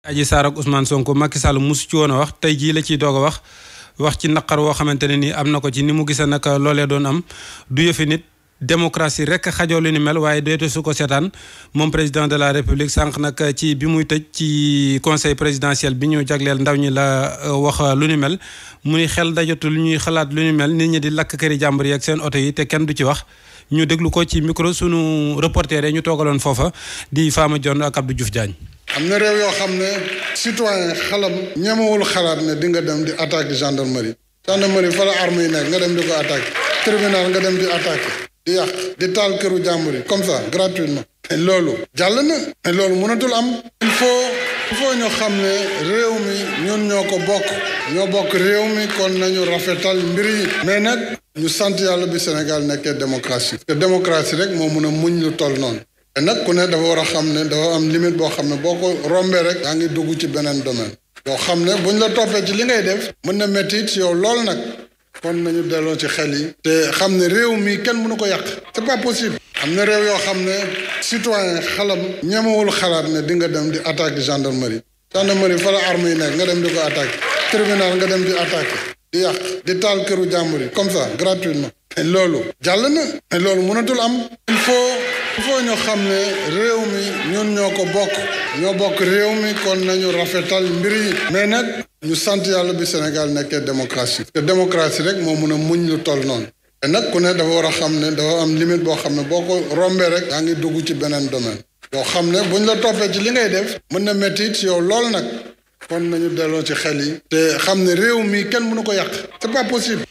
Adji Sarr ak Ousmane Sonko Macky Sall mosu ci woon a wax tey jii la ciy doog a wax wax ci naqar woo xamante ne nii am na ko ci ni mu gisee nag loolee doon am du yëfi nit. démocratie rek xajoo lu ni mel waaye doyte su ko seetaan moom président de la république sànq nag ci bi muy tëj ci conseil présidentiel bi ñu jagleel ndaw ñi la euh, wax lu ni mel muy xel dajatu lu ñuy xalaat lu ni mel nit ñi di lakk këri jàmbur yi ak seen oto yi te kenn du ci wax ñu déglu ko ci micro sunu reporter yi ñu toogaloon foofa di Fama Dione ak Abdou Diouf jaañ am na réew yoo xam ne citoyen xalam ñemewul xalaat ne di nga dem di attaquer gendarmerie gendarmerie fa la arme yi nekk nga dem di ko attaquer tribunal nga dem di attaque di yàq di taal këru jàmbur yi comme ça gratuitement loolu jàll na loolu mënatul am il faut il faut ñu xam ne réew mi ñun ñoo ko bokk ñoo bokk réew mi kon nañu rafetal mbir yi mais nag ñu sant yàlla bi Sénégal nekkee démocratie parce que démocratie rek moo mun a muñ lu toll noonu te nag ku ne dafa war a xam ne dafa am limite boo xam ne boo ko rombee rek yaa ngi dugg ci beneen domaine boo xam ne buñ la toppee ci li ngay def mën na métti ci yow lool nag kon nañu delloo ci xel yi te xam ne réew mii kenn nu ko yàq ci pas possible am na réew yoo xam ne citoyen xalam ñemewul xalaat ne di nga dem di attaquer gendarmerie gendarmerie fa la arme yi nekk nga dem di ko attaquer tribunal nga dem di attaquer di yàq di taal këru jàmbur yi comme ça gratuitement loolu jàll il faut ñu xam ne réew mi ñun ñoo ko bokk ñoo bokk réew mi kon nañu rafetal mbir yi mais nag ñu sant yàlla bi Sénégal nekkee démocratie parce que démocratie rek moo mun a muñ lu toll noonu te nag ku ne dafa war a xam ne dafa am limite boo xam ne boo ko rombee rek a ngi dugg ci beneen domaine boo xam ne buñ la toppee ci li ngay def mën na métti ci yow lool nag kon nañu delloo ci xel yi te xam ne réew mi kenn mënu ko yàq c'est pas possible